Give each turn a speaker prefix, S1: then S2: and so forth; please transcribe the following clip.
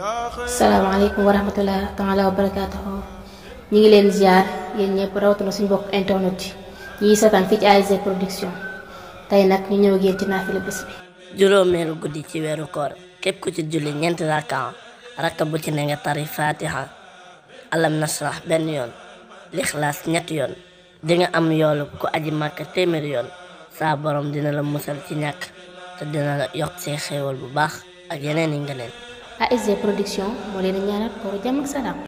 S1: assalamualaikum warahmatullahi rahmatulah taala wa barakaatuhu ngi leen ziar ñepp rawtu na suñu bokk internet yi satan fi ci ASG production tay nak ñu
S2: ñew génn ci naafila bés bi. juróomeelu guddi ci weeru koor kep ku ci julli ñent rakka rakka bu ci ne nga tari fatiha alam nasrah ben yoon l'ikhlas ñet yoon di nga am yoolu ku aji màkka témer yoon sa borom dina la musal ci ñak te dina la yok ci xéewal bu baax ak yeneen yi nga leen ASG
S3: production moo leen a ñaanal kooru jàmm ak salaam